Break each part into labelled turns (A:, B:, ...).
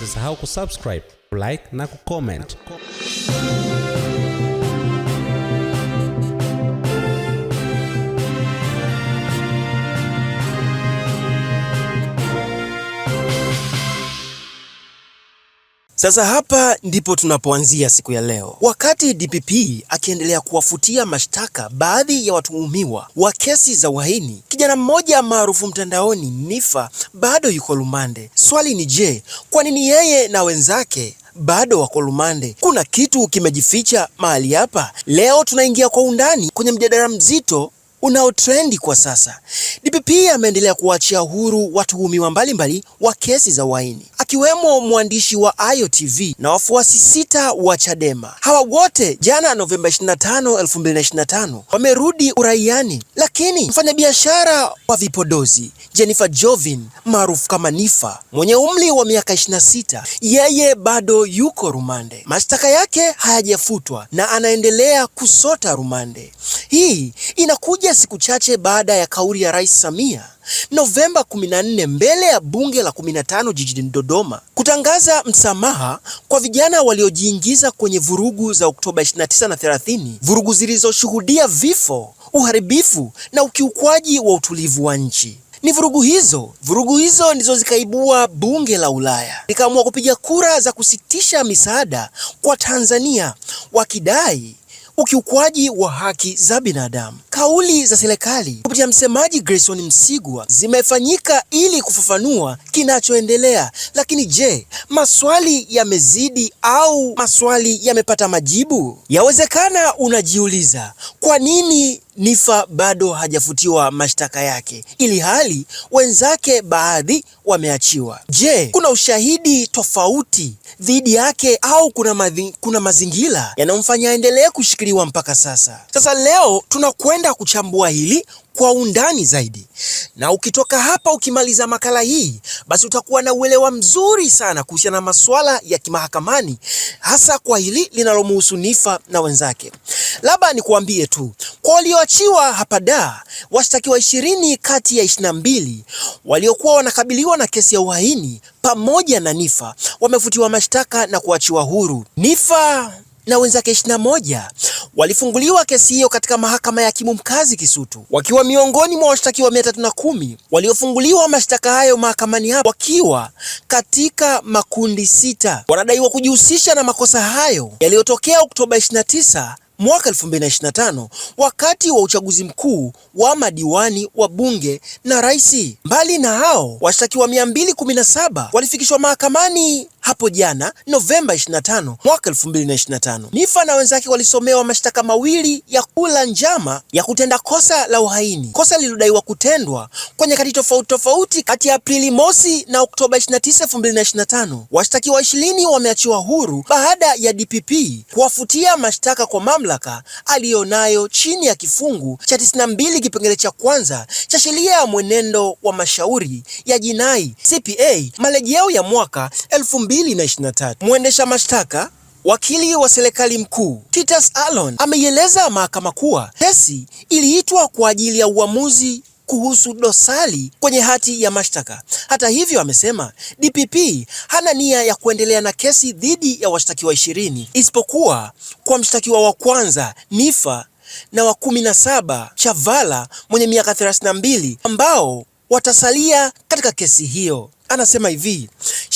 A: Usisahau kusubscribe, like na kucomment. Sasa hapa ndipo tunapoanzia siku ya leo. Wakati DPP akiendelea kuwafutia mashtaka baadhi ya watuhumiwa wa kesi za uhaini, kijana mmoja maarufu mtandaoni Nifa bado yuko lumande. Swali ni je, kwa nini yeye na wenzake bado wako lumande? Kuna kitu kimejificha mahali hapa? Leo tunaingia kwa undani kwenye mjadala mzito unaotrendi kwa sasa. DPP ameendelea kuachia huru watuhumiwa mbalimbali wa kesi za uhaini akiwemo mwandishi wa Ayo TV na wafuasi sita wa Chadema. Hawa wote jana Novemba 25, 2025 wamerudi uraiani, lakini mfanyabiashara wa vipodozi Jennifer Jovin maarufu kama Nifa mwenye umri wa miaka 26, yeye bado yuko rumande. Mashtaka yake hayajafutwa na anaendelea kusota rumande. Hii inakuja Inakuja siku chache baada ya kauli ya Rais Samia Novemba 14 mbele ya bunge la 15 jijini Dodoma kutangaza msamaha kwa vijana waliojiingiza kwenye vurugu za Oktoba 29 na 30, vurugu zilizoshuhudia vifo, uharibifu na ukiukwaji wa utulivu wa nchi. Ni vurugu hizo vurugu hizo ndizo zikaibua bunge la Ulaya likaamua kupiga kura za kusitisha misaada kwa Tanzania wakidai ukiukwaji wa haki za binadamu. Kauli za serikali kupitia msemaji Grayson Msigwa zimefanyika ili kufafanua kinachoendelea, lakini je, maswali yamezidi au maswali yamepata majibu? Yawezekana unajiuliza kwa nini Nifa bado hajafutiwa mashtaka yake, ili hali wenzake baadhi wameachiwa. Je, kuna ushahidi tofauti dhidi yake au kuna, madhi, kuna mazingira yanayomfanya aendelee kushikiliwa mpaka sasa? Sasa leo tunakwenda kuchambua hili kwa undani zaidi, na ukitoka hapa ukimaliza makala hii, basi utakuwa na uelewa mzuri sana kuhusiana na masuala ya kimahakamani, hasa kwa hili linalomhusu Niffer na wenzake. Labda nikuambie tu kwa walioachiwa hapa da, washtakiwa ishirini kati ya ishirini na mbili waliokuwa wanakabiliwa na kesi ya uhaini pamoja na Niffer wamefutiwa mashtaka na kuachiwa huru Niffer na wenzake 21 walifunguliwa kesi hiyo katika mahakama ya hakimu mkazi Kisutu, wakiwa miongoni mwa washtakiwa 310 waliofunguliwa mashtaka hayo mahakamani hapo, wakiwa katika makundi sita. Wanadaiwa kujihusisha na makosa hayo yaliyotokea Oktoba 29 mwaka 2025 wakati wa uchaguzi mkuu wa madiwani wa bunge na rais. Mbali na hao, washtakiwa 217 walifikishwa mahakamani hapo jana Novemba 25 mwaka 2025. Nifa na wenzake walisomewa mashtaka mawili ya kula njama ya kutenda kosa la uhaini, kosa lililodaiwa kutendwa kwa nyakati tofauti tofauti kati ya Aprili mosi na Oktoba 29, 2025. Washtakiwa 20 wameachiwa huru baada ya DPP kuwafutia mashtaka kwa mamlaka aliyonayo chini ya kifungu cha 92 kipengele cha kwanza cha sheria ya mwenendo wa mashauri ya jinai CPA marejeo ya mwaka 2000 2023. Mwendesha mashtaka wakili wa serikali mkuu Titus Alon ameieleza mahakama kuwa kesi iliitwa kwa ajili ya uamuzi kuhusu dosari kwenye hati ya mashtaka. Hata hivyo, amesema DPP hana nia ya kuendelea na kesi dhidi ya washtakiwa ishirini isipokuwa kwa mshtakiwa wa kwanza Nifa na wa kumi na saba Chavala mwenye miaka 32 ambao watasalia katika kesi hiyo. Anasema hivi,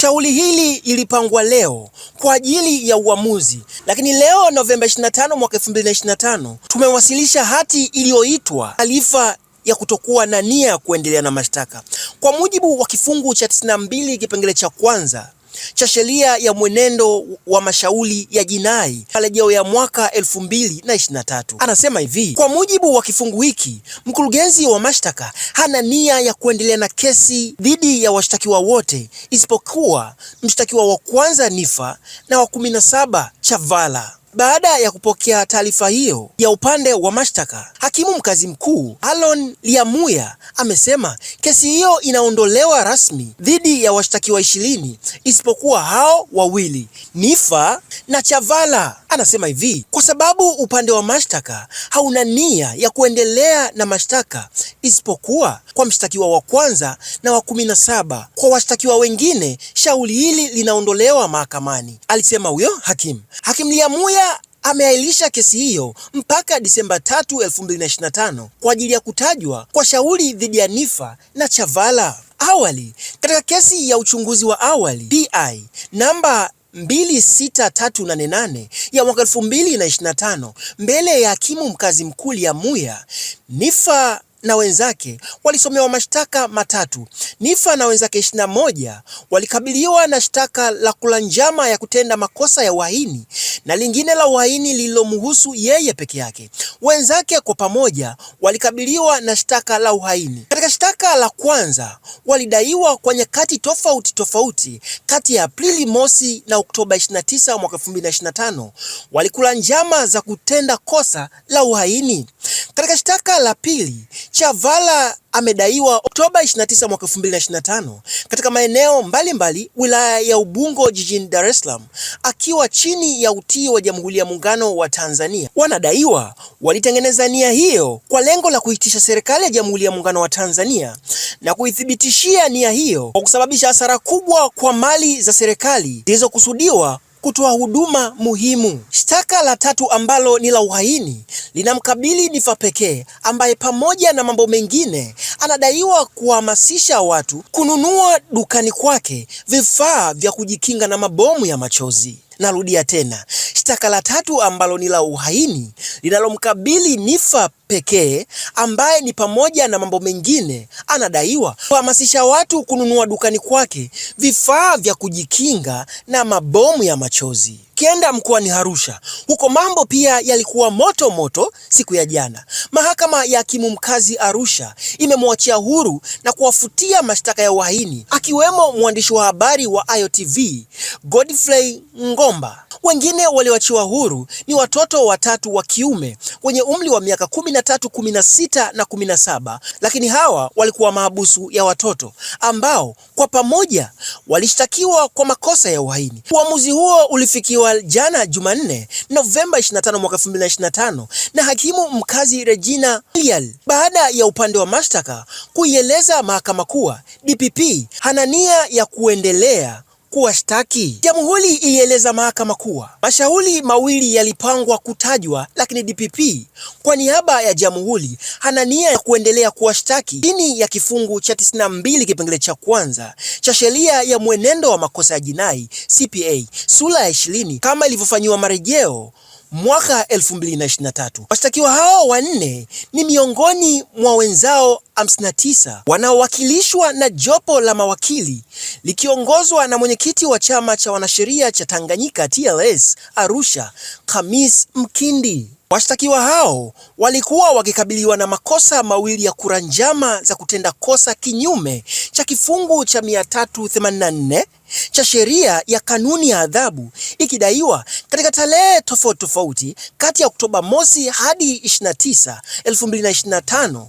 A: Shauri hili ilipangwa leo kwa ajili ya uamuzi, lakini leo Novemba 25 mwaka 2025 tumewasilisha hati iliyoitwa taarifa ya kutokuwa na nia ya kuendelea na mashtaka kwa mujibu wa kifungu cha 92 kipengele cha kwanza cha sheria ya mwenendo wa mashauri ya jinai marejeo ya mwaka 2023. anasema hivi: kwa mujibu wa kifungu hiki, mkurugenzi wa mashtaka hana nia ya kuendelea na kesi dhidi ya washtakiwa wote isipokuwa mshtakiwa wa kwanza Nifa na wa 17 Chavala. Baada ya kupokea taarifa hiyo ya upande wa mashtaka, hakimu mkazi mkuu Alon Liamuya amesema kesi hiyo inaondolewa rasmi dhidi ya washtakiwa ishirini isipokuwa hao wawili Nifa na Chavala. Anasema hivi, kwa sababu upande wa mashtaka hauna nia ya kuendelea na mashtaka isipokuwa kwa mshtakiwa wa kwanza na wa kumi na saba. Kwa washtakiwa wengine shauri hili linaondolewa mahakamani, alisema huyo hakimu. Hakimu Liamuya ameahirisha kesi hiyo mpaka Disemba 3, 2025 kwa ajili ya kutajwa kwa shauri dhidi ya Niffer na Chavala. Awali, katika kesi ya uchunguzi wa awali PI namba 26388 ya mwaka 2025 mbele ya hakimu mkazi mkuu Lyamuya, Niffer na wenzake walisomewa mashtaka matatu. Nifa na wenzake 21 moja walikabiliwa na shtaka la kula njama ya kutenda makosa ya uhaini na lingine la uhaini lililomhusu yeye peke yake. Wenzake kwa pamoja walikabiliwa na shtaka la uhaini. Katika shtaka la kwanza, walidaiwa kwa nyakati tofauti tofauti kati ya Aprili mosi na Oktoba 29 mwaka 2025 walikula njama za kutenda kosa la uhaini. Katika shtaka la pili Chavala amedaiwa Oktoba 29 mwaka 2025 katika maeneo mbalimbali wilaya ya Ubungo jijini Dar es Salaam akiwa chini ya utii wa Jamhuri ya Muungano wa Tanzania. Wanadaiwa walitengeneza nia hiyo kwa lengo la kuitisha serikali ya Jamhuri ya Muungano wa Tanzania na kuithibitishia nia hiyo kwa kusababisha hasara kubwa kwa mali za serikali zilizokusudiwa kutoa huduma muhimu. Shtaka la tatu ambalo ni la uhaini linamkabili Difa pekee ambaye pamoja na mambo mengine anadaiwa kuwahamasisha watu kununua dukani kwake vifaa vya kujikinga na mabomu ya machozi. Narudia tena, shtaka la tatu ambalo ni la uhaini linalomkabili Niffer pekee ambaye ni pamoja na mambo mengine anadaiwa kuhamasisha watu kununua dukani kwake vifaa vya kujikinga na mabomu ya machozi. Tukienda mkoani Arusha, huko mambo pia yalikuwa moto moto siku ya jana. Mahakama ya hakimu mkazi Arusha imemwachia huru na kuwafutia mashtaka ya uhaini, akiwemo mwandishi wa habari wa AyoTV Godfrey Ngomba. Wengine walioachiwa huru ni watoto watatu wa kiume wenye umri wa miaka kumi na tatu, kumi na sita na kumi na saba, lakini hawa walikuwa mahabusu ya watoto ambao kwa pamoja walishtakiwa kwa makosa ya uhaini. Uamuzi huo ulifikiwa jana Jumanne, Novemba 25 mwaka 2025 na hakimu mkazi Regina Lyall baada ya upande wa mashtaka kuieleza mahakama kuwa DPP hana nia ya kuendelea kuwashtaki. Jamhuri ilieleza mahakama kuwa mashauri mawili yalipangwa kutajwa, lakini DPP kwa niaba ya jamhuri hana nia ya kuendelea kuwashtaki chini ya kifungu cha 92 kipengele cha kwanza cha sheria ya mwenendo wa makosa ya jinai CPA sura ya 20 kama ilivyofanyiwa marejeo mwaka 2023. Washtakiwa hao wanne ni miongoni mwa wenzao 59 wanaowakilishwa na jopo la mawakili likiongozwa na mwenyekiti wa chama cha wanasheria cha Tanganyika TLS Arusha, Khamis Mkindi. Washtakiwa hao walikuwa wakikabiliwa na makosa mawili ya kura njama za kutenda kosa kinyume cha kifungu cha 384 cha sheria ya kanuni ya adhabu ikidaiwa katika tarehe tofauti tofauti kati ya Oktoba mosi hadi 29, 2025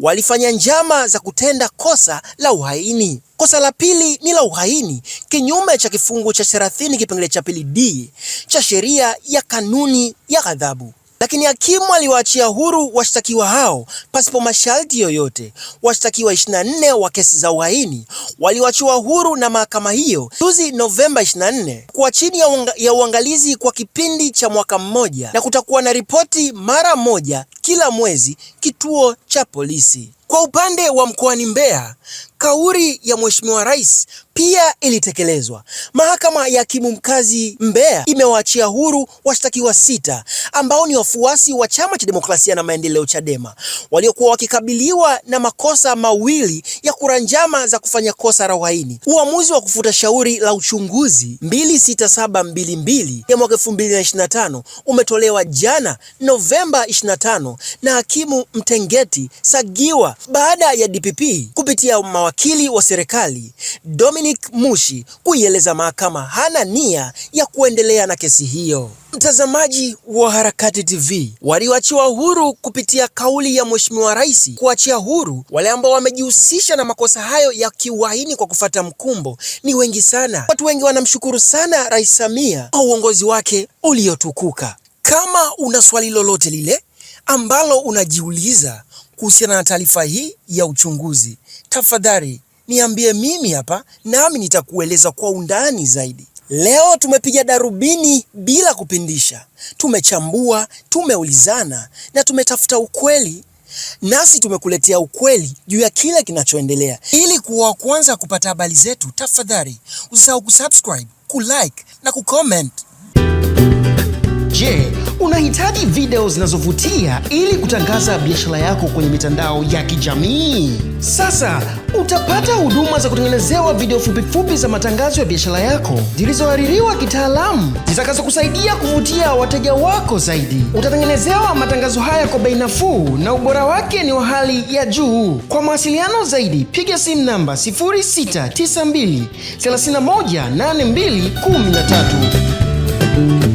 A: walifanya njama za kutenda kosa la uhaini. Kosa la pili ni la uhaini kinyume cha kifungu cha 30 kipengele cha pili d cha sheria ya kanuni ya adhabu lakini hakimu aliwaachia huru washtakiwa hao pasipo masharti yoyote. Washtakiwa 24 wa kesi za uhaini waliwachiwa huru na mahakama hiyo juzi Novemba 24 kwa chini ya, uang ya uangalizi kwa kipindi cha mwaka mmoja, na kutakuwa na ripoti mara moja kila mwezi kituo cha polisi. Kwa upande wa mkoani Mbeya, kauli ya Mheshimiwa Rais pia ilitekelezwa. Mahakama ya Hakimu Mkazi Mbeya imewaachia huru washtakiwa sita ambao ni wafuasi wa Chama cha Demokrasia na Maendeleo Chadema waliokuwa wakikabiliwa na makosa mawili ya kura njama za kufanya kosa la uhaini. Uamuzi wa kufuta shauri la uchunguzi 26722 ya mwaka 2025 umetolewa jana Novemba 25 na Hakimu Mtengeti Sagiwa baada ya DPP kupitia mawakili wa serikali Dominic Mushi kuieleza mahakama hana nia ya kuendelea na kesi hiyo. Mtazamaji wa Harakati TV, walioachiwa huru kupitia kauli ya Mheshimiwa Rais kuachia huru wale ambao wamejihusisha na makosa hayo ya kiuhaini kwa kufata mkumbo ni wengi sana. Watu wengi wanamshukuru sana Rais Samia kwa uongozi wake uliotukuka. Kama una swali lolote lile ambalo unajiuliza kuhusiana na taarifa hii ya uchunguzi, tafadhali niambie mimi hapa, nami nitakueleza kwa undani zaidi. Leo tumepiga darubini bila kupindisha, tumechambua, tumeulizana na tumetafuta ukweli, nasi tumekuletea ukweli juu ya kile kinachoendelea. Ili kuwa wa kwanza kupata habari zetu, tafadhali usisahau kusubscribe, kulike na kucomment. Je, unahitaji video zinazovutia ili kutangaza biashara yako kwenye mitandao ya kijamii? Sasa utapata huduma za kutengenezewa video fupifupi za matangazo ya biashara yako zilizohaririwa kitaalamu zitakazokusaidia kuvutia wateja wako zaidi. Utatengenezewa matangazo haya kwa bei nafuu na ubora wake ni wa hali ya juu. Kwa mawasiliano zaidi, piga simu namba 0692 318213.